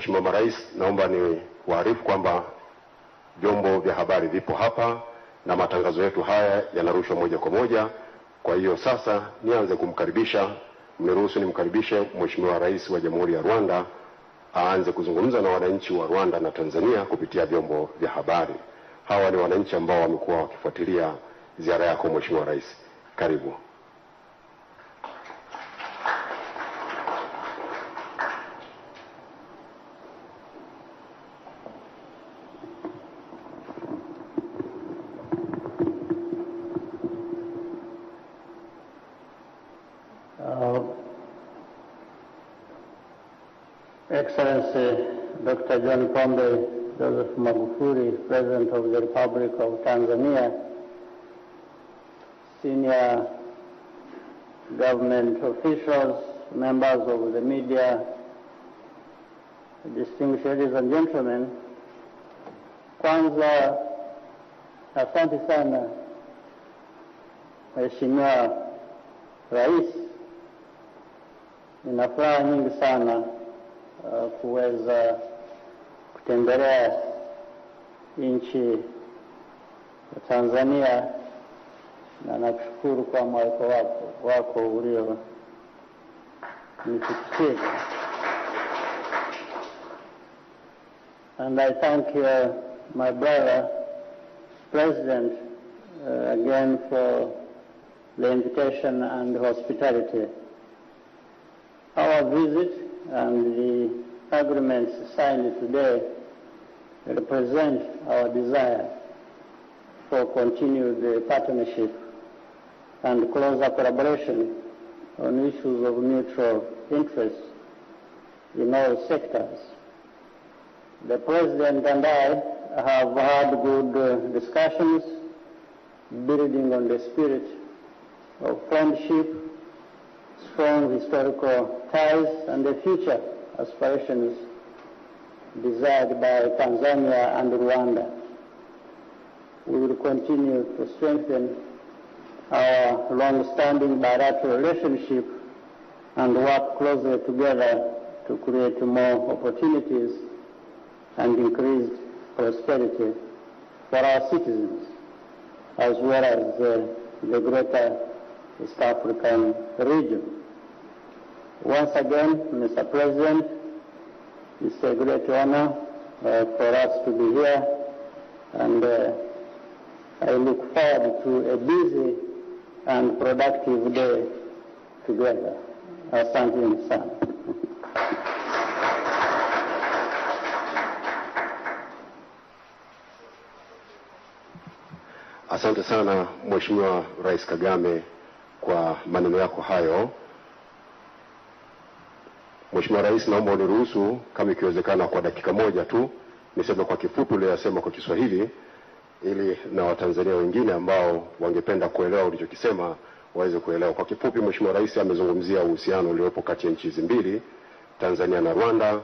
Mheshimiwa Marais, naomba ni waarifu kwamba vyombo vya habari vipo hapa na matangazo yetu haya yanarushwa moja kwa moja. Kwa hiyo sasa nianze kumkaribisha, mniruhusu nimkaribishe Mheshimiwa Rais wa Jamhuri ya Rwanda aanze kuzungumza na wananchi wa Rwanda na Tanzania kupitia vyombo vya habari. Hawa ni wananchi ambao wamekuwa wakifuatilia ziara yako Mheshimiwa Rais. Karibu. Uh, Excellency Dr. John Pombe Joseph Magufuri, President of the Republic of Tanzania, senior government officials, members of the media, distinguished ladies and gentlemen, kwanza asante sana Mheshimiwa Rais Nina furaha nyingi sana uh, kuweza kutembelea nchi ya Tanzania na nakushukuru kwa mwaliko wako wako ulio nifikia. And I thank uh, my brother president uh, again for the invitation and hospitality. our visit and the agreements signed today represent our desire for continued uh, partnership and closer collaboration on issues of mutual interest in all sectors. The President and I have had good uh, discussions building on the spirit of friendship strong historical ties and the future aspirations desired by Tanzania and Rwanda. We will continue to strengthen our long-standing bilateral relationship and work closely together to create more opportunities and increased prosperity for our citizens, as well as the, uh, the greater East African region. Once again, Mr. President, it's a great honor uh, for us to be here, and uh, I look forward to a busy and productive day together. Asante uh, sana. Asante sana Mheshimiwa Rais Kagame kwa maneno yako hayo. Mheshimiwa Rais, naomba uniruhusu kama ikiwezekana kwa dakika moja tu niseme kwa kifupi uliyosema kwa Kiswahili ili na Watanzania wengine ambao wangependa kuelewa ulichokisema waweze kuelewa. Kwa kifupi, Mheshimiwa Rais amezungumzia uhusiano uliopo kati ya nchi hizi mbili, Tanzania na Rwanda,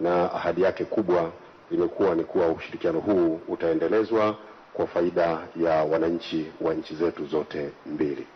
na ahadi yake kubwa imekuwa ni kuwa ushirikiano huu utaendelezwa kwa faida ya wananchi wa nchi zetu zote mbili.